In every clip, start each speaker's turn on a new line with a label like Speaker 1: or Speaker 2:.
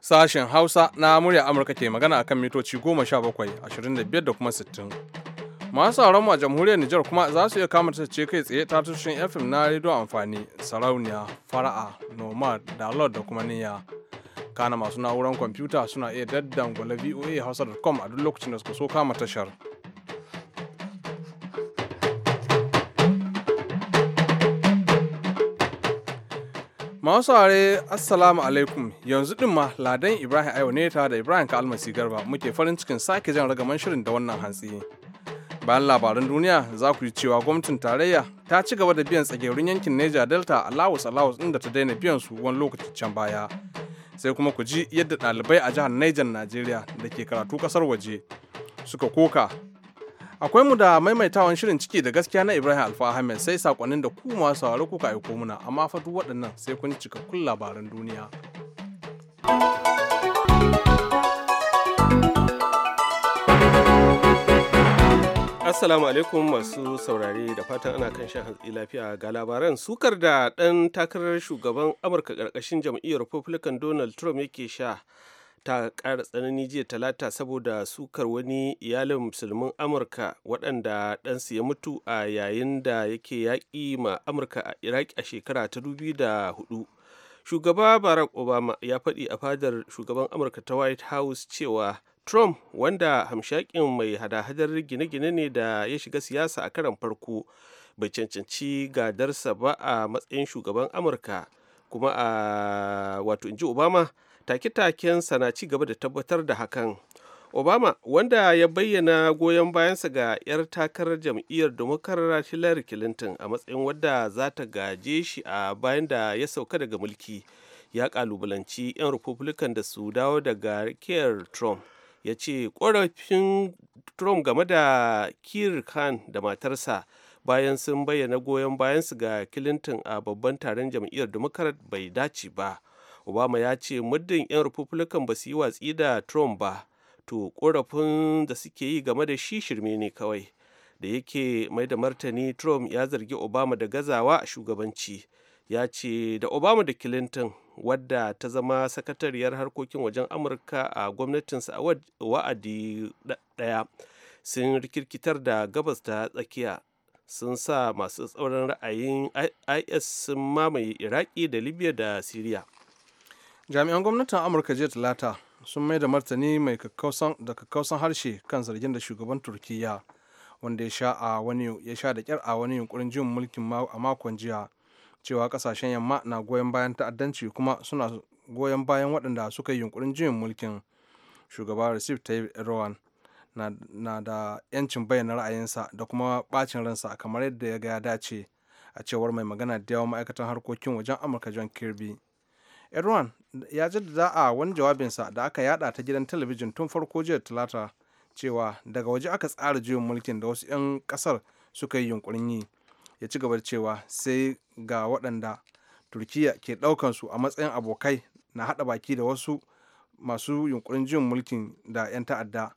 Speaker 1: Sashen Hausa na murya Amurka ke magana a kan mitoci 17, 25 da kuma 60. Masu sauran a jamhuriyar Nijar kuma za su iya kama ce kai tsaye ta tushen FM na rediyo amfani, sarauniya, fara'a, nomad, dalot da kuma niyya. Kana masu na'urar kwamfuta suna iya daddan daddangwala voa hausa.com a duk lokacin da suka so kama tashar. Masu are Assalamu alaikum yanzu din ma Ladan Ibrahim Ayo ne ta da Ibrahim Kalmasi Garba muke farin cikin sake jan ragaman shirin da wannan hantsi. Bayan labaran duniya za ku yi cewa gwamnatin tarayya ta ci gaba da biyan tsagerun yankin Niger Delta a alawus alawus ɗin da ta daina biyan su wani lokaci can baya. Sai kuma ku ji yadda ɗalibai a jihar Niger Najeriya da ke karatu ƙasar waje suka koka akwai mu da maimaitawan shirin ciki da gaskiya na ibrahim alfa ahmed sai sakonnin da ku masu sauraro kuka aiko muna amma fa duk waɗannan sai kun cikakkun labaran duniya Assalamu alaikum masu
Speaker 2: saurare da fatan ana kan shan hantsi lafiya ga labaran sukar da ɗan takarar shugaban Amurka ƙarƙashin jam'iyyar Republican Donald Trump yake sha ta ƙara tsanani jiya talata saboda sukar wani iyalin musulmin amurka waɗanda ɗansu ya mutu a yayin da yake yaƙi ma amurka a iraki a shekara ta hudu shugaba barack obama ya faɗi a fadar shugaban amurka ta white house cewa trump wanda hamshakin mai hada-hadar gine-gine ne da ya shiga siyasa a karan farko bai cancanci gadarsa ba a matsayin shugaban amurka kuma a wato inji obama take-takensa na ci gaba da tabbatar da hakan obama wanda ya bayyana goyon bayansa ga 'yar takarar jam'iyyar democrat hillary clinton a matsayin wadda za ta gaje shi a bayan da ya sauka daga mulki ya kalubalanci 'yan republican da su dawo daga kiyar trump ya ce korafin trump game da kir khan da matarsa bayan sun bayyana goyon bayansu ga clinton a babban taron jam'iyyar democrat bai dace ba obama ya ce muddin 'yan republican ba su yi watsi da trump ba to korafin da suke yi game da shi shirme ne kawai da yake mai da martani trump ya zargi obama da gazawa a shugabanci ya ce da obama da clinton wadda ta zama sakatariyar harkokin wajen amurka a gwamnatinsa a wa'adi daya sun rikirkitar da gabas ta tsakiya sun sa masu tsauran ra'ayin is sun mamaye iraki da libya da syria
Speaker 1: jami'an gwamnatin amurka jiya talata sun mai da martani mai da kakkausan harshe kan zargin da shugaban turkiya wanda ya sha a wani ya sha da kyar a wani yunkurin jin mulkin a makon jiya cewa kasashen yamma na goyon bayan ta'addanci kuma suna goyon bayan waɗanda suka yi yunkurin jin mulkin shugaba recep tayyip erdogan na, da yancin bayyana ra'ayinsa da kuma bacin ransa kamar yadda ya ga ya dace a cewar mai magana da yawan ma'aikatan harkokin wajen amurka john kirby erdogan ya jaddada a wani jawabinsa da aka yada ta gidan talabijin tun farko jiya talata cewa daga waje aka tsara juyin mulkin da wasu 'yan kasar suka yi yunkurin yi ya ci gaba da cewa sai ga waɗanda turkiya ke ɗaukansu a matsayin abokai na haɗa baki da wasu masu yunkurin juyin mulkin da 'yan ta'adda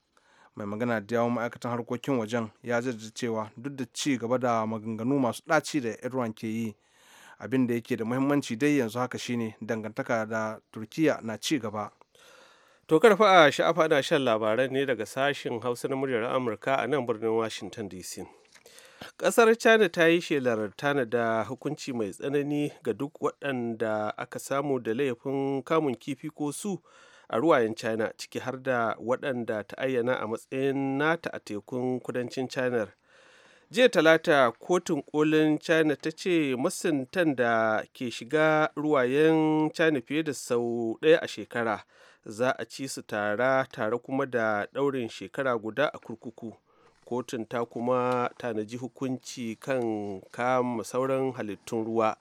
Speaker 1: mai magana da yawon ma'aikatan harkokin wajen ya jaddada cewa duk da ci gaba da maganganu masu ɗaci da erdogan ke yi abin da yake da muhimmanci dai yanzu haka shine dangantaka da turkiya na ci gaba to karfa a sha'afa na shan
Speaker 2: labaran ne daga sashen hausa na muryar amurka a nan birnin washington dc kasar china ta yi shelar da hukunci mai tsanani ga duk waɗanda aka samu da laifin kamun kifi ko su a ruwayen china ciki har da waɗanda ta ayyana a matsayin nata a tekun kudancin china jiya talata kotun kolin china ta ce masuntan da ke shiga ruwayen china fiye da sau ɗaya a shekara za a ci su tara tare kuma da ɗaurin shekara guda a kurkuku kotun ta kuma tanaji hukunci kan kama sauran halittun ruwa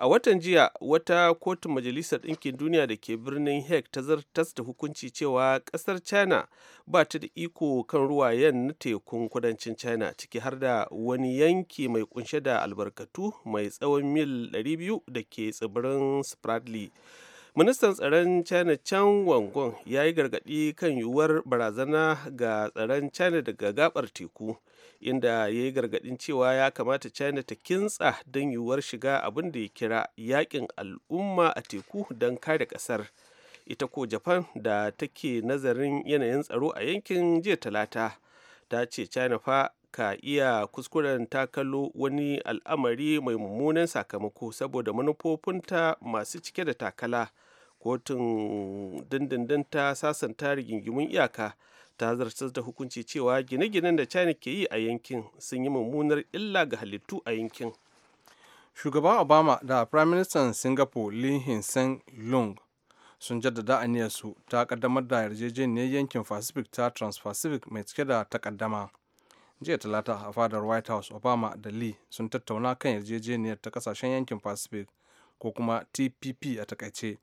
Speaker 2: a watan jiya wata kotun majalisar ɗinkin duniya da ke birnin hague ta zartas da hukunci cewa ƙasar china ba ta da iko kan ruwayen na tekun kudancin china ciki har da wani yanki mai kunshe da albarkatu mai tsawon mil 200 da ke tsibirin spratly ministan tsaron china chan wangon ya yi gargaɗi kan yiwuwar barazana ga tsaron china daga gabar teku inda ya yi gargaɗin cewa ya kamata china ta kintsa don yiwuwar shiga abin da ya kira yakin al'umma a teku don kare ƙasar ita ko japan da take nazarin yanayin tsaro a yankin jiya talata ta ce china fa ka iya kuskuren ta kallo wani al'amari mai mummunan sakamako saboda manufofinta masu cike da takala kotun dindindin ta sasanta rigingimun iyaka ta zartar da hukunci cewa gine-ginen da china ke yi a yankin sun yi mummunar illa
Speaker 1: ga halittu a yankin shugaban obama da prime minister singapore lee hsien lung sun jaddada aniyarsu ta kaddamar da yarjejeniyar yankin pacific ta trans mai cike da takaddama jiya talata a fadar white house obama da lee sun tattauna kan yarjejeniyar ta kasashen yankin pacific ko kuma tpp a takaice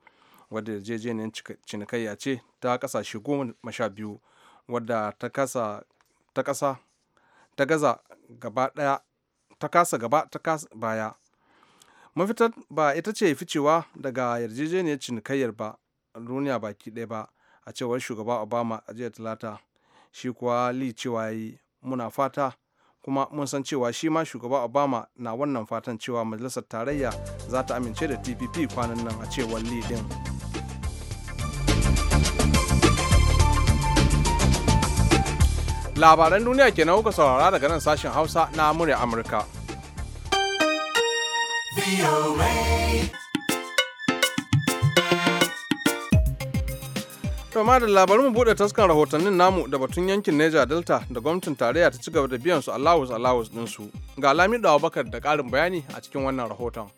Speaker 1: wadda yarjejeniyar cinikayya ce ta kasashe goma sha biyu wadda ta kasa ta gaza gaba daya ta kasa gaba ta kasa baya mafitar ba ita ce ficewa daga yarjejeniyar cinikayyar ba duniya baki ɗaya ba a cewar shugaba obama a jiya talata shi kuwa li cewa yi muna fata kuma mun san cewa shi ma shugaba obama na wannan fatan cewa majalisar tarayya za ta amince da tpp kwanan nan a cewar li din. labaran duniya ke kuka saurara daga nan sashen hausa na murya amurka kama da labarin mu bude taskan rahotannin namu da batun yankin Niger Delta da gwamnatin tarayya ta ci gaba da biyan su alawus Allahus din su. Ga Lamido Abubakar da ƙarin bayani a cikin wannan rahoton.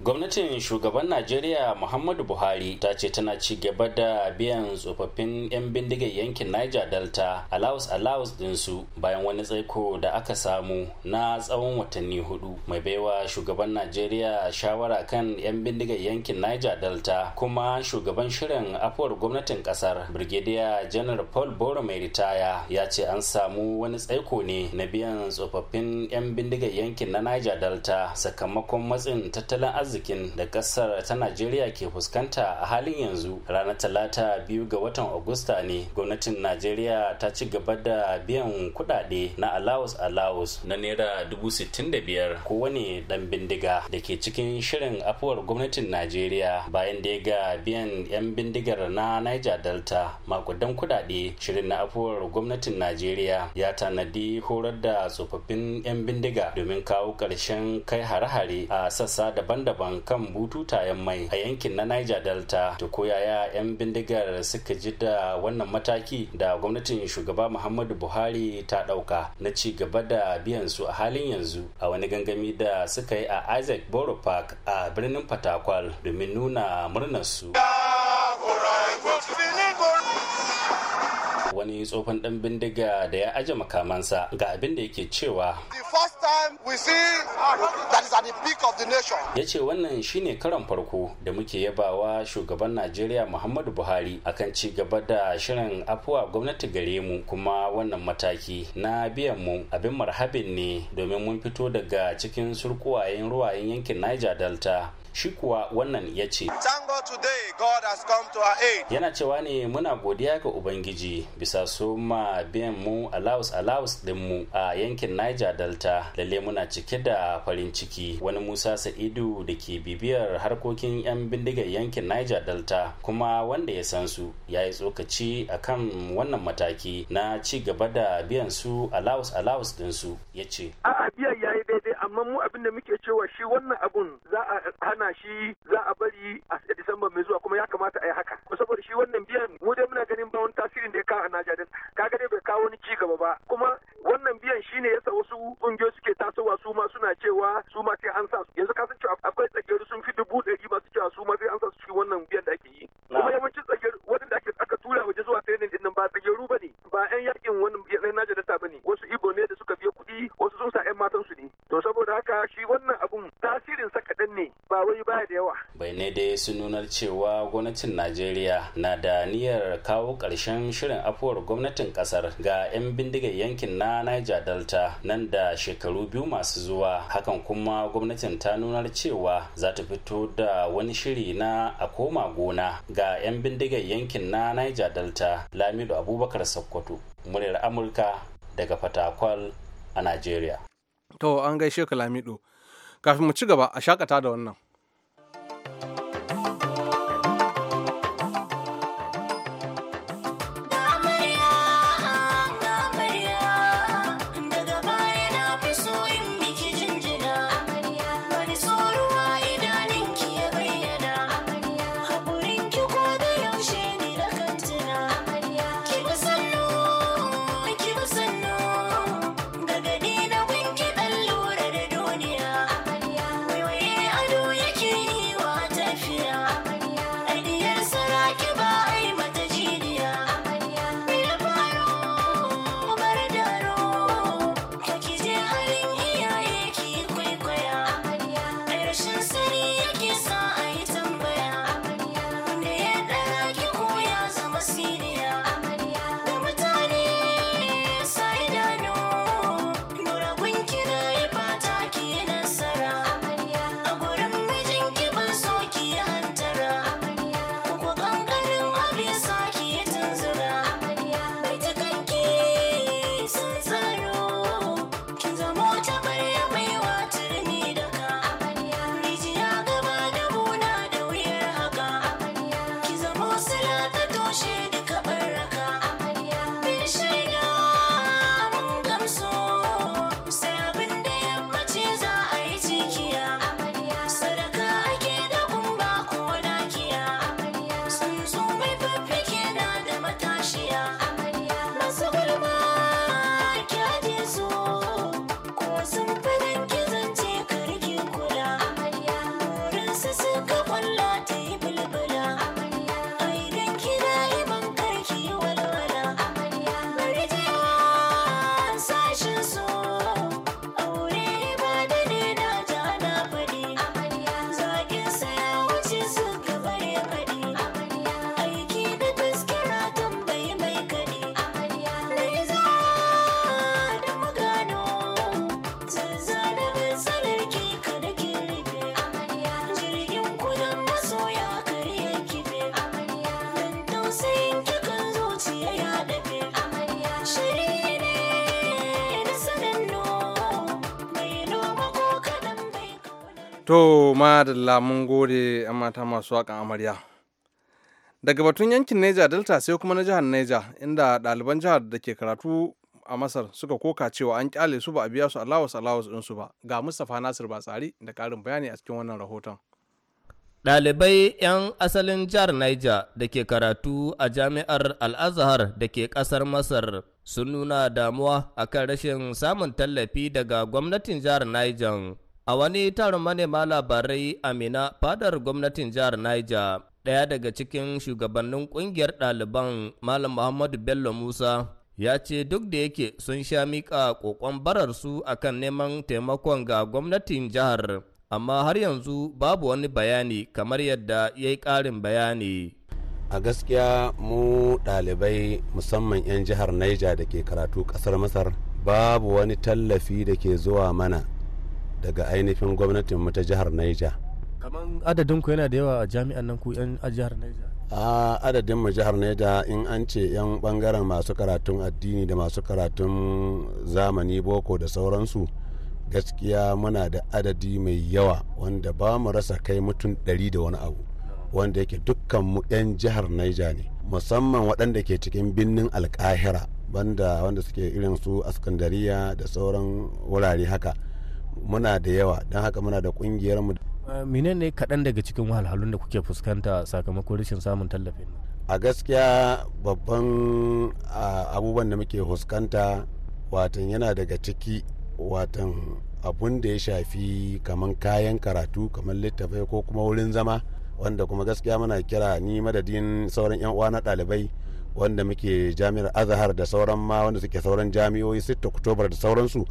Speaker 3: gwamnatin shugaban najeriya muhammadu buhari ta ce tana ci gaba da biyan tsofaffin 'yan bindigar yankin niger delta Allows allowance dinsu bayan wani tsaiko da aka samu na tsawon watanni hudu mai baiwa shugaban najeriya shawara kan 'yan bindigar yankin niger delta kuma shugaban shirin afuwar gwamnatin kasar brigadier Janar paul boro mai ritaya ya ce an samu wani tsaiko ne na biyan tsofaffin 'yan bindigar yankin na niger delta sakamakon matsin tattalin arziki arzikin da kasar ta najeriya ke fuskanta a halin yanzu ranar talata biyu ga watan agusta ne gwamnatin najeriya ta ci gaba da biyan kudade na alawus alawus na naira dubu sittin da biyar wani dan bindiga da ke cikin shirin afuwar gwamnatin najeriya bayan da ya ga biyan 'yan bindigar na niger delta makudan kudade shirin na afuwar gwamnatin najeriya ya tanadi horar da tsofaffin 'yan bindiga domin kawo ƙarshen kai hare-hare a sassa daban-daban daban kan bututayen mai a yankin na niger delta to ko yaya 'yan bindigar suka ji da wannan mataki da gwamnatin shugaba muhammadu buhari ta ɗauka na ci gaba da biyan su a halin yanzu a wani gangami da suka yi a isaac borough park a birnin fatakwal domin nuna murnar su wani tsofan dan bindiga da ya aje makamansa ga abin da yake cewa ya ce wannan shine karon farko da muke yabawa shugaban najeriya muhammadu buhari akan ci gaba da shirin afuwa gwamnati gare mu kuma wannan mataki na biyan mu abin marhabin ne domin mun fito daga cikin surkuwayen ruwayen yankin niger delta shi kuwa wannan ya ce yana cewa ne muna godiya ga ubangiji bisa ma biyan mu alawus alawus dinmu a yankin niger delta lalle muna cike da farin ciki wani musa sa'idu da ke bibiyar harkokin 'yan bindigar yankin niger delta kuma wanda ya san su ya yi tsokaci a kan wannan mataki na ci gaba da biyan su alawus alawus dinsu ya ce
Speaker 4: a'a biyan yayi daidai amma mu abin da muke cewa shi wannan abun za a hana hana shi za a bari a Disamba mai zuwa kuma ya kamata a yi haka. Ko saboda shi wannan biyan mu dai muna ganin ba wani tasirin da ya kawo a Naja Ka dai bai kawo wani ci gaba ba. Kuma wannan biyan shine yasa wasu kungiyoyi suke tasowa su ma suna cewa su ma sai an sa su. Yanzu ka san cewa akwai tsakiyar sun fi dubu ɗari masu cewa su ma sai an sa su cikin wannan biyan da ake yi. Kuma yawanci
Speaker 3: sun nunar cewa gwamnatin najeriya na da niyyar kawo ƙarshen shirin afuwar gwamnatin ƙasar ga 'yan bindigar yankin na niger delta nan da shekaru biyu masu zuwa hakan kuma gwamnatin ta nunar cewa za ta fito da wani shiri na a koma gona ga 'yan bindigar yankin na niger delta lamido abubakar sokoto muryar amurka daga fatakwal a najeriya
Speaker 1: to an gaishe ka lamido kafin mu ci gaba a shakata da wannan To ma da lamun gode ‘yan mata masu waƙan amarya. Daga batun yankin Neja Delta sai kuma na jihar Neja inda ɗaliban jihar da ke karatu a Masar suka koka cewa an kyale su ba a biya su alawas alawas ɗinsu ba. Ga Mustapha Nasir Batsari da ƙarin bayani a cikin wannan rahoton.
Speaker 5: Ɗalibai 'yan asalin jihar Niger da ke karatu a jami'ar Al-Azhar da ke ƙasar Masar sun nuna damuwa akan rashin samun tallafi daga gwamnatin jihar Niger. A wani taron manema labarai Amina fadar gwamnatin jihar Niger, ɗaya daga cikin shugabannin ƙungiyar ɗaliban Malam Muhammadu Bello Musa ya ce duk da yake sun sha mika ƙoƙon bararsu akan neman taimakon ga gwamnatin jihar, amma har yanzu babu wani bayani kamar yadda ya yi ƙarin bayani. A gaskiya mu ɗalibai musamman 'yan
Speaker 4: jihar Niger da ke karatu ƙasar Masar babu wani tallafi da ke zuwa mana daga ainihin gwamnatin ta jihar Niger.
Speaker 5: Kaman adadin ku yana da yawa a jami'an nan ku 'yan a jihar Niger?
Speaker 4: A adadin mu jihar Niger in an ce 'yan bangaren masu karatun addini da masu karatun zamani boko da sauransu gaskiya muna da adadi mai yawa wanda ba mu rasa kai mutum ɗari da wani abu wanda yake dukkan mu 'yan jihar Niger ne musamman waɗanda ke cikin birnin alkahira banda wanda suke irin su askandariya da sauran wurare haka muna da yawa don haka muna da kungiyar mu
Speaker 5: menene kaɗan daga cikin wahalhalun da kuke fuskanta sakamakon rashin samun tallafi.
Speaker 4: a gaskiya babban abubuwan da muke fuskanta watan yana daga ciki watan abun da ya shafi kamar kayan karatu kamar littafai ko kuma wurin zama wanda kuma gaskiya muna kira ni madadin sauran yan uwa na ɗalibai wanda muke jami'ar azahar da sauran ma wanda suke sauran jami'o'i 6 oktobar da sauransu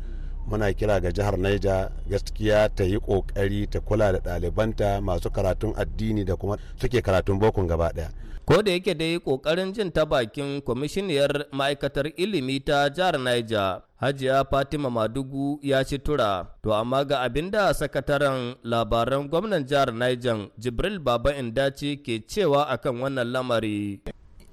Speaker 4: muna kira ga jihar Niger gaskiya ta yi kokari ta kula da ɗalibanta masu karatun addini da kuma suke karatun bokun gaba ɗaya.
Speaker 5: Ko da yake dai kokarin jin ta bakin kwamishiniyar ma'aikatar ilimi ta jihar Niger Hajiya Fatima Madugu ya ci tura, to amma ga abin da sakataren labaran gwamnan jihar Niger Jibril Baba Indaci ke cewa akan wannan lamari.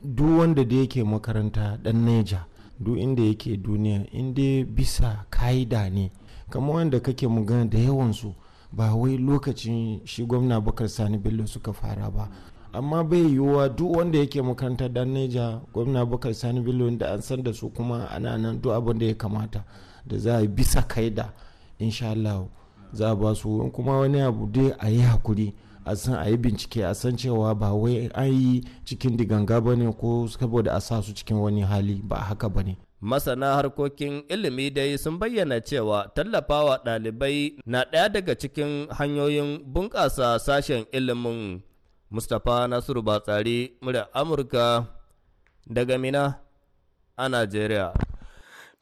Speaker 6: Duk wanda da yake makaranta dan Niger duk inda yake duniya inda bisa ka'ida ne kamar wanda kake magana da yawansu ba wai lokacin shi gwamna bakar sani bello suka fara ba amma bai yiwuwa duk wanda yake makarantar dan neja gwamna bakar sani bello da an san da su kuma ana nan duk abin da ya kamata da za a bisa kaida insha Allah za a ba su kuma wani abu dai a yi hakuri a san a yi bincike a san cewa ba wai an yi cikin diganga ba ne ko saboda a sa su cikin wani hali ba haka ba ne
Speaker 5: masana harkokin ilimi dai sun bayyana cewa tallafawa ɗalibai na ɗaya daga cikin hanyoyin bunƙasa sashen ilimin mustapha nasiru batsari mura amurka daga mina a najeriya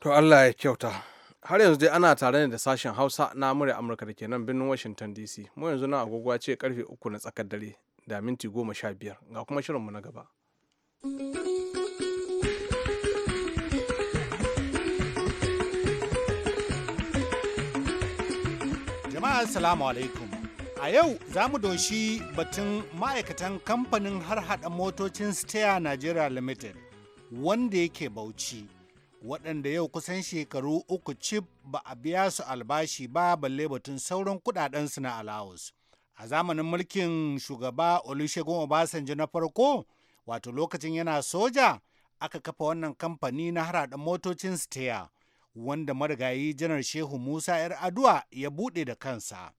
Speaker 5: to allah ya kyauta har yanzu dai ana tare da sashen hausa
Speaker 1: na murya amurka da ke nan birnin washington dc mu yanzu na agogwa ce karfe uku na tsakar dare da minti goma sha biyar ga kuma shirinmu na gaba
Speaker 6: jama'a assalamu alaikum a yau za mu doshi batun ma'aikatan kamfanin har hada motocin steya nigeria limited wanda yake bauchi waɗanda yau kusan shekaru uku cif ba a biya su albashi ba balle batun sauran kuɗaɗensu na alawus. A zamanin mulkin shugaba Olusegun Obasanjo na farko, wato lokacin yana soja, aka kafa wannan kamfani na haraɗa motocin steya, wanda marigayi janar Shehu Musa 'yar Adua ya buɗe da kansa.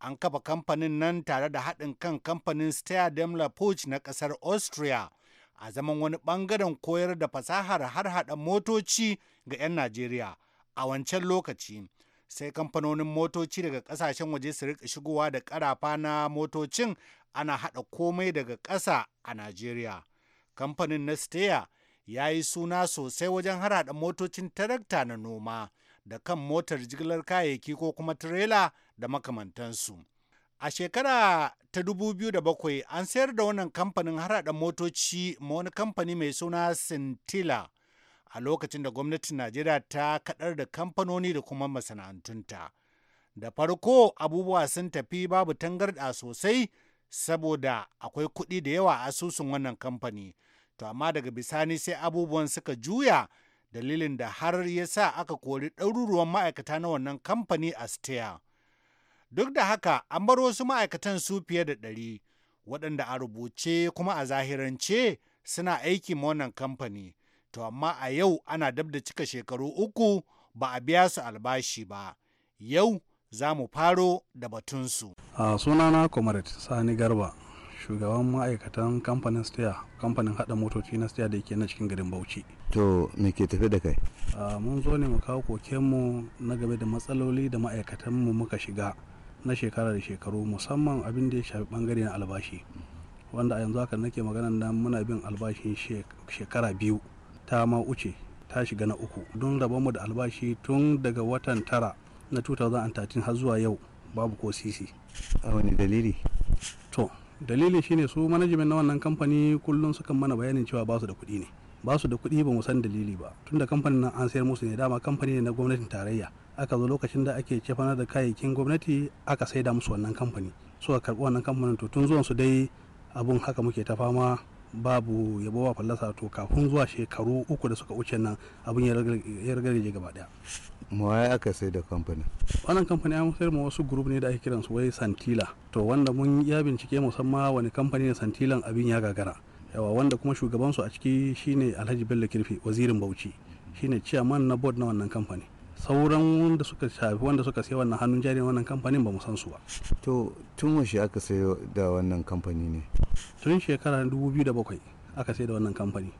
Speaker 6: An kafa kamfanin nan tare da haɗin kan kamfanin Steya demla Puch na ƙasar Austria. a zaman wani bangaren koyar da fasahar har motoci ga 'yan Najeriya a wancan lokaci. Sai kamfanonin motoci daga ƙasashen waje su rika shigowa da ƙarafa na motocin ana haɗa komai daga ƙasa a Najeriya. Kamfanin na Steya ya yi suna sosai wajen harhaɗa motocin tarakta na noma da kan motar jigilar kayayyaki ko kuma tirela da makamantansu. A shekara ta 2007 an sayar da wannan kamfanin harada motoci ma wani kamfani mai suna Sintila a lokacin da gwamnatin Najeriya ta kaɗar da kamfanoni da kuma masana'antunta. Da farko abubuwa sun tafi babu tangarɗa sosai saboda akwai kuɗi da yawa a asusun wannan kamfani. To amma daga bisani sai abubuwan suka juya dalilin da har ya sa aka kori ɗaruruwan ma'aikata na wannan kamfani a Steya. Duk da haka, an bar wasu ma'aikatan su fiye da ɗari, waɗanda a rubuce kuma a zahirance suna aiki wannan kamfani. To amma a yau ana dab da cika shekaru uku ba a biya su albashi ba. Yau za mu faro da batunsu.
Speaker 7: A sunana Comrade Sani Garba, shugaban ma'aikatan kamfanin steya kamfanin hada motoci na steya da yake na cikin garin Bauchi.
Speaker 8: To me ke tafi da kai?
Speaker 7: Mun zo ne mu kawo kokenmu na game da matsaloli da ma'aikatanmu muka shiga. na shekara da shekaru musamman abin da ya shafi bangare na albashi wanda a yanzu haka nake magana na muna bin albashin shekara biyu ta ma uce ta shiga na uku don rabon mu da albashi tun daga watan tara na 2013 har zuwa yau babu ko sisi
Speaker 8: a wani dalili to
Speaker 7: dalili shine su manajimin na wannan kamfani kullum sukan mana bayanin cewa ba su da kuɗi ne ba su da kuɗi ba mu san dalili ba tunda kamfanin nan an sayar musu ne dama kamfani ne na gwamnatin tarayya aka zo lokacin da ake cefanar da kayayyakin gwamnati aka saida musu wannan kamfani suka karbi wannan kamfanin to tun zuwan su dai abun haka muke ta fama babu yabo ba fallasa to kafin zuwa shekaru uku da suka wuce nan abin ya ragarje gaba daya
Speaker 8: mawaya aka sai da kamfanin
Speaker 7: wannan kamfani an sayar ma wasu group ne da ake kiransu wai santila to wanda mun ya bincike musamman wani kamfani ne santilan abin ya gagara yawa wanda kuma shugabansu a ciki shine alhaji bello kirfi wazirin bauchi shine ciyaman na board na wannan kamfani sauran wanda suka shafi wanda suka sai wannan hannun
Speaker 8: jari wannan kamfanin ba mu san su ba to tun washe aka sayo da wannan kamfani ne
Speaker 7: tun shekara 2007 aka sayi da wannan kamfani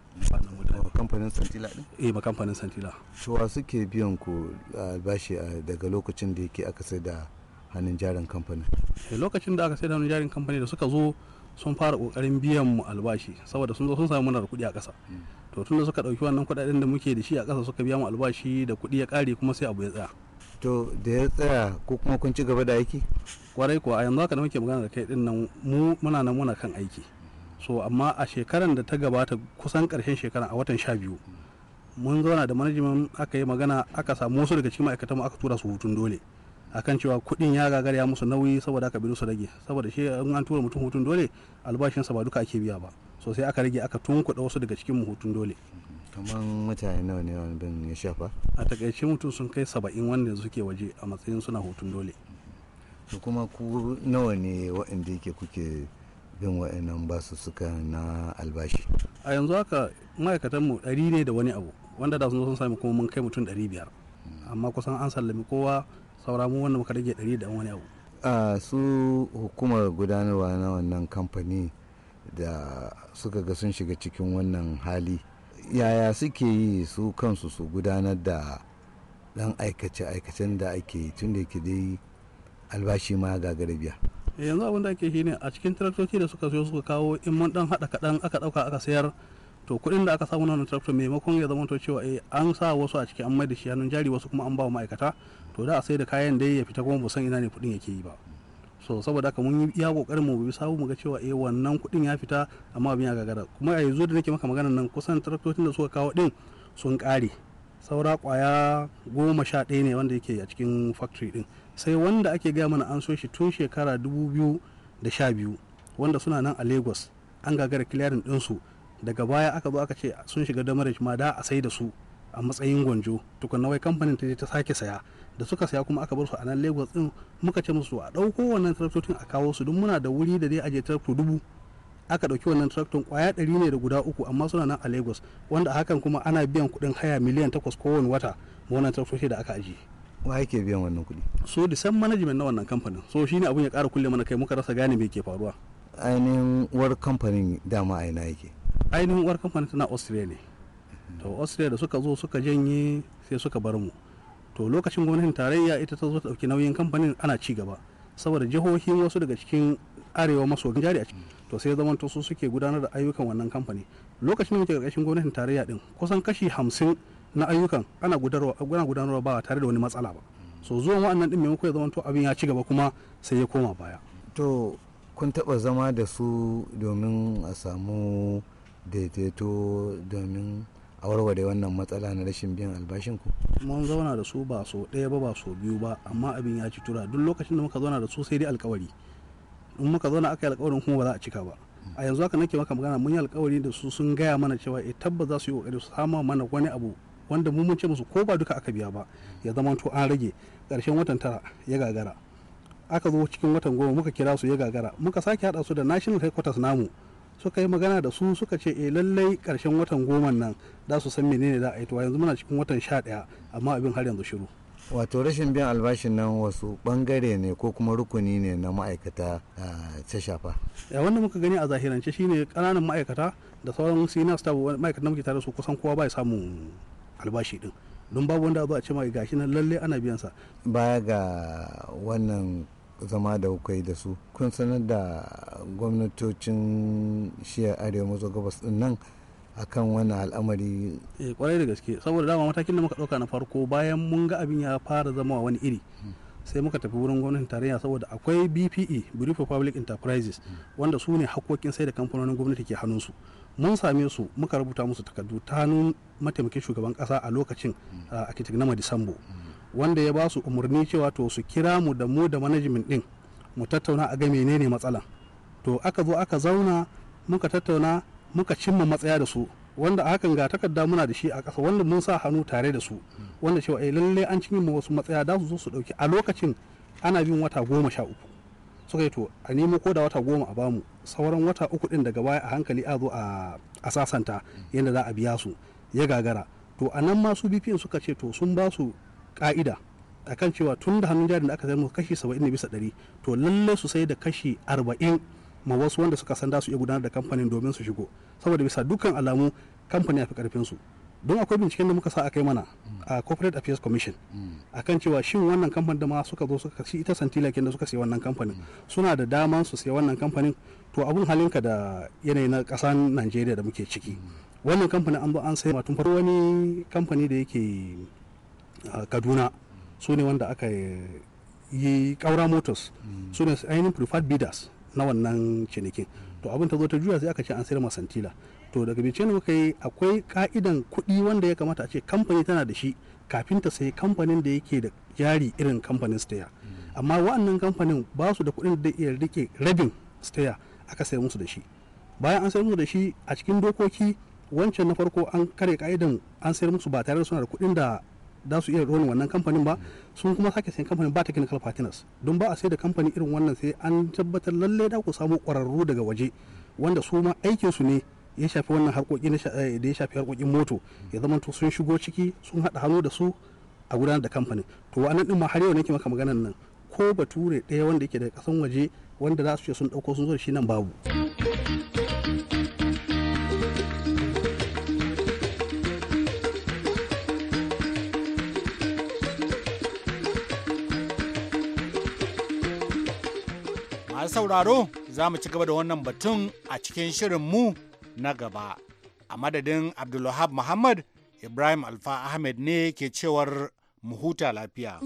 Speaker 8: kamfanin santila ɗin? eh ba kamfanin santila wa suke biyan ku bashi daga lokacin da yake aka sai da hannun jarin kamfanin
Speaker 7: eh, lokacin da aka sai da hannun jarin kamfanin da suka zo sun fara kokarin biyan mu albashi saboda sun zo sun samu munar kuɗi a ƙasa hmm. to tunda suka ɗauki wannan kuɗaɗen da muke da shi a kasa suka biya mu albashi da kuɗi ya ƙare kuma sai abu ya tsaya to da
Speaker 8: ya tsaya
Speaker 7: ko kuma kun ci gaba da aiki kwarai kuwa a yanzu haka da muke magana da kai din nan mu muna nan muna kan aiki so amma a shekaran da ta gabata kusan karshen shekara a watan sha biyu mun zauna da manajimin aka yi magana aka samu wasu daga cikin ma'aikatan aka tura su hutun dole akan cewa kuɗin ya gagara ya musu nauyi saboda aka bi su rage saboda shi an tura mutum hutun dole albashinsa ba duka ake biya ba so sai aka rage aka tunkuɗa wasu daga cikin hutun dole kamar mutane nawa ne wani bin ya shafa a takaice mutum sun kai saba'in wanda suke waje a matsayin suna hutun dole
Speaker 8: to kuma ku nawa ne waɗanda yake kuke bin waɗannan basu suka na albashi
Speaker 7: a yanzu haka ma'aikatanmu ɗari ne da wani abu wanda da sun sun sami kuma mun kai mutum ɗari biyar amma kusan an sallami kowa saura mu wanda muka rage ɗari da wani abu
Speaker 8: a su hukumar gudanarwa na wannan kamfani da suka ga sun shiga cikin wannan hali yaya suke yi su kansu su gudanar da dan aikace-aikacen da ake yi tun da ke dai albashi ma gagarabiya
Speaker 7: eh, yanzu abin da ake shine a cikin traktoci da suka zo suka kawo in mun dan hada kadan aka dauka aka sayar to kuɗin da aka samu na wannan traktor maimakon ya zama to cewa eh, an sa wasu a ciki an mai da shi hannun jari wasu kuma an ba wa ma'aikata to da a sai da kayan da ya fita kuma ba san ina ne kuɗin yake yi ba so saboda haka mun yi iya kokarin mu bi sabu mu ga cewa eh wannan kuɗin ya fita amma abin ya gagara kuma a yanzu da nake maka maganar nan kusan traktocin da suka kawo din sun kare saura kwaya goma sha ɗaya ne wanda yake a cikin factory din sai wanda ake gaya mana an so shi tun shekara dubu biyu da sha biyu wanda suna nan a lagos an gagara clearing ɗinsu daga baya aka zo aka ce sun shiga damar ma da a sai da su a matsayin gwanjo tukunna wai kamfanin ta je ta sake saya da suka saya kuma aka bar su a nan lagos din muka ce musu a ɗauko wannan traktocin a kawo su don muna da wuri da zai aje traktor dubu aka ɗauki wannan traktor kwaya ɗari ne da guda uku amma suna nan a lagos wanda hakan kuma ana biyan kuɗin haya miliyan takwas kowane wata ma wannan traktoci da aka ajiye
Speaker 8: wa yake biyan wannan kuɗi
Speaker 7: so da san management na wannan kamfanin so shine abun ya ƙara kulle mana kai muka rasa gane me ke faruwa ainihin war
Speaker 8: kamfanin dama a ina yake
Speaker 7: ainihin war kamfanin tana australia ne mhm. to australia da suka zo suka janye sai suka bar mu to lokacin gwamnatin tarayya ita ta zo ta dauki nauyin kamfanin ana ci gaba saboda jihohin wasu daga cikin arewa maso jari a ciki to sai zaman su suke gudanar da ayyukan wannan kamfani lokacin da muke karkashin gwamnatin tarayya din kusan kashi hamsin na ayyukan ana gudanarwa ba tare da wani matsala ba so zuwan wa'annan din maimakon ya zama to
Speaker 8: abin ya ci gaba kuma sai ya koma baya to kun taba zama da su domin a samu daidaito domin warware wannan matsala na rashin biyan albashin ku mun zauna da su ba so ɗaya ba ba so biyu ba amma abin ya ci tura
Speaker 7: duk lokacin da muka zauna da su sai dai alkawari in muka zauna aka yi alkawarin kuma ba za a cika ba a yanzu haka nake maka magana mun yi alkawari da su sun gaya mana cewa eh tabbas za su yi kokari su samu mana wani abu wanda mu mun ce musu ko ba duka aka biya ba ya zama to an rage karshen watan tara ya gagara aka zo cikin watan goma muka kira su ya gagara muka sake hada su da national headquarters namu suka yi magana da su suka ce eh lallai karshen watan goma nan za su san menene za a yi yanzu muna cikin watan sha ɗaya amma abin har yanzu shiru
Speaker 8: wato rashin biyan albashin nan wasu bangare ne ko kuma rukuni ne na ma'aikata ta shafa
Speaker 7: wanda muka gani a zahirance shine kananan ma'aikata da sauran senior staff ma'aikatan muke tare su kusan kowa bai samun albashi din don babu wanda za a ce mai gashi nan lalle ana biyan sa
Speaker 8: baya ga wannan zama da kai da su kun sanar da gwamnatocin shiyar arewa maso gabas din nan akan wannan al'amari
Speaker 7: eh kwarai da gaske saboda dama matakin da muka dauka na farko bayan mun ga abin ya fara zama wani iri sai muka tafi wurin gwamnatin tarayya saboda akwai BPE brief of Public Enterprises wanda su ne hakkokin sai da kamfanonin gwamnati ke su mun same su muka rubuta musu takardu ta hannun mataimakin shugaban kasa a lokacin a kitik na Disambo. wanda ya ba su umarni cewa to su kira mu da mu da manajimin din mu tattauna a ga menene matsalan to aka zo aka zauna muka tattauna muka cimma matsaya da su wanda a hakan ga takarda muna da shi a kasa wanda mun sa hannu tare da su wanda cewa eh lalle an cimma wasu matsaya da su zo su dauki a lokacin ana bin wata goma sha uku suka yi to a nemo ko da wata goma a bamu sauran wata uku din daga baya a hankali a zo a sasanta yadda za a biya su ya gagara to a nan masu su bpn suka ce to sun ba su ka'ida kan cewa tun da hannun jari da aka zai musu kashi 70 bisa 100 to lalle su sai da kashi 40 ma wasu wanda suka san da su iya gudanar da kamfanin domin su shigo saboda bisa dukkan alamu kamfanin ya fi karfin su don akwai binciken da muka sa kai mana a corporate affairs commission a kan cewa shin wannan kamfanin da ma suka zo suka shi ita santila da suka sai wannan kamfanin suna da daman su sai wannan kamfanin to abun halinka da yanayi na ƙasar nigeria da muke ciki wannan kamfanin an ba an sai matun wani kamfani da yake kaduna su ne wanda aka yi kaura motors su ne ainihin preferred bidders na wannan cinikin to abin ta zo ta juya sai aka ce an sayar masantila to daga bice ne muka yi akwai ka'idan kuɗi wanda ya kamata a ce kamfani tana da shi kafin ta sayi kamfanin da yake da jari irin kamfanin steya amma wa'annan kamfanin ba su da kuɗin da iya rike rabin steya aka sayar musu da shi bayan an sayar musu da shi a cikin dokoki wancan na farko an kare ka'idan an sayar musu ba tare da suna da kuɗin da da su iya ruwan wannan kamfanin ba sun kuma sake sayan kamfanin ba technical partners don ba a sai da kamfani irin wannan sai an tabbatar lalle da ku samu kwararru daga waje wanda su ma aikin su ne ya shafi wannan harkokin eh, da ya shafi harkokin moto ya zama to sun shigo ciki sun haɗa hannu da su a gudanar da kamfanin to wa anan din ma har yau nake maka maganar nan ko bature ɗaya wanda yake daga kasan waje wanda za su ce sun ɗauko sun zo shi nan babu.
Speaker 6: sauraro za mu ci gaba da wannan batun a cikin shirin mu na gaba. A madadin Abdulwahab Muhammad Ibrahim Alfa Ahmed ne ke cewar mu huta lafiya.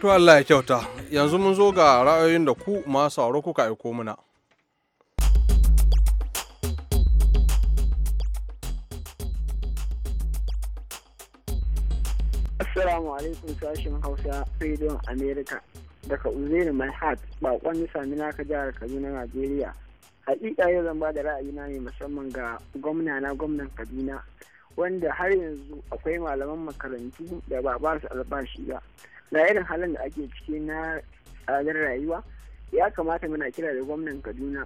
Speaker 1: To Allah ya kyauta, yanzu mun zo ga ra'ayoyin da ku masu sauro kuka aiko mana.
Speaker 5: alaikum sashen Hausa Radio America daga Uzairu Malhat bakon sami naka jihar Kaduna Najeriya. Hakika yau zan ba da ra'ayina ne musamman ga gwamna na gwamnan Kaduna wanda har yanzu akwai malaman makarantu da ba ba su albashi ba. Ga irin halin da ake ciki na tsadar rayuwa ya kamata muna kira da gwamnan Kaduna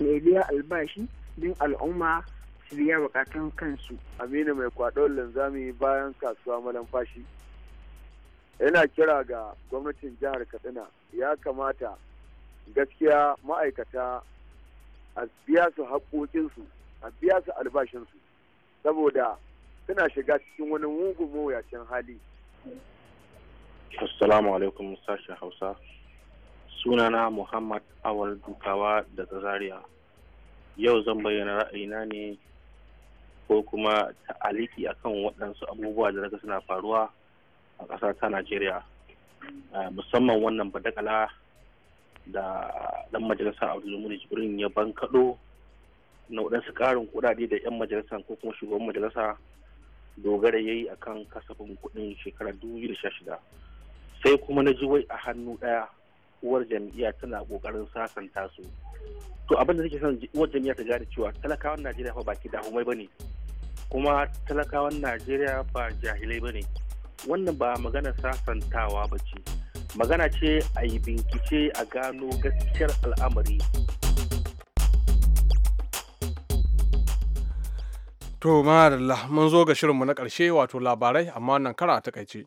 Speaker 5: mai biya albashi din al'umma
Speaker 4: su biya bukatun kansu. Aminu mai kwaɗo linzami bayan kasuwa malamfashi. yana kira ga gwamnatin jihar katsina ya kamata gaskiya ma'aikata a biya su haƙoƙinsu a biya su albashinsu saboda suna shiga cikin wani mugun mawuyacin hali
Speaker 7: assalamu alaikum sashen hausa sunana muhammad awal dukawa daga zaria yau zan bayyana ra'ayina ne ko kuma ta'aliki akan waɗansu abubuwa da daga suna faruwa a ƙasar ta najeriya eh, musamman wannan badakala da dan majalisa abdulmumin jibrin ya bankaɗo na waɗansu ƙarin kuɗaɗe da 'yan majalisa ko kuma shugaban majalisa dogara ya yi a kan kasafin kuɗin shekarar 2016 sai kuma na ji wai a hannu ɗaya uwar jam'iyya
Speaker 6: tana ƙoƙarin sasanta su to abin da nake son uwar jam'iyya ta gane cewa talakawan najeriya fa baki da homai ba ne kuma talakawan najeriya
Speaker 7: ba jahilai ba ne wannan ba magana sasantawa ba ce magana ce a yi bincike a gano gaskiyar al'amari
Speaker 1: to mun zo ga shirinmu na ƙarshe wato labarai amma wannan kara a takaice.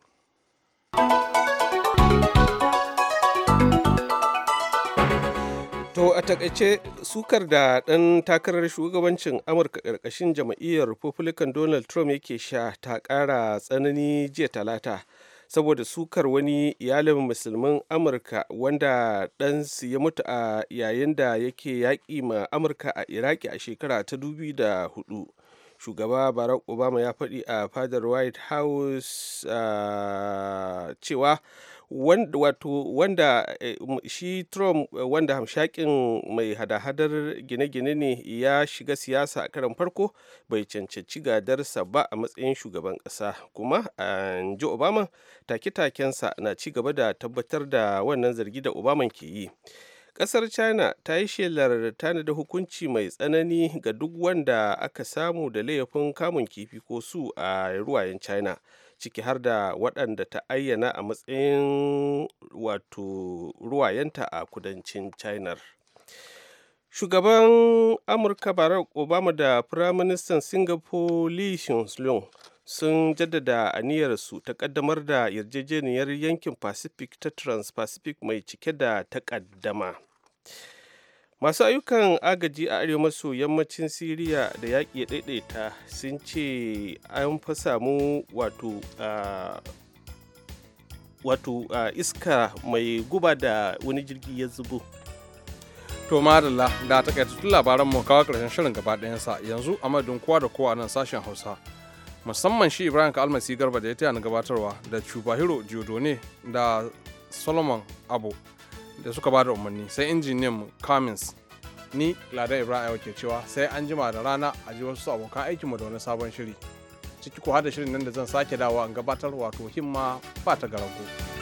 Speaker 2: To a takaice sukar da ɗan takarar shugabancin Amurka ƙarƙashin jam'iyyar Republican Donald Trump yake sha ta ƙara tsanani jiya talata saboda sukar wani iyalin musulmin Amurka wanda ɗansu ya mutu a yayin da yake yaƙi ma Amurka a Iraki a shekara ta dubi da hudu. shugaba barack obama ya faɗi a fadar white house uh, cewa wato wanda eh, shi trump eh, wanda hamshakin mai hada-hadar gine-gine ne ya shiga siyasa a karan farko bai cancanci gadarsa ba a matsayin shugaban kasa kuma a eh, ji obama take-takensa na ci gaba da tabbatar da wannan zargi da obama ke yi kasar china ta yi shelar tanada hukunci mai tsanani ga duk wanda aka samu da laifin kamun kifi ko su a ruwayen china ciki har da waɗanda ta ayyana a matsayin wato ruwayenta a kudancin china shugaban amurka barack obama da firaministan singapore lee hsien sun jaddada aniyarsu ta kaddamar da yarjejeniyar yankin pacific ta trans-pacific mai cike da takaddama. masu ayyukan agaji a arewa maso yammacin siriya da yaƙi ya ɗaiɗaita sun ce an fa samu wato wato iska mai guba da wani jirgi ya zubo
Speaker 1: to madalla da takaitattun labaran mu kawo karshen shirin gaba ɗayansa yanzu a madadin kowa da kowa nan sashen hausa musamman shi ibrahim kalmasi garba da ya taya na gabatarwa da cubahiro jodone da solomon abu da suka ba da umarni sai injiniyan mu Cummins ni Ladan Ibrahim ke cewa sai an jima da rana a ji wasu abokan aiki mu da wani sabon shiri ciki ko da shirin nan da zan sake dawa an gabatar wato himma ba ta garago.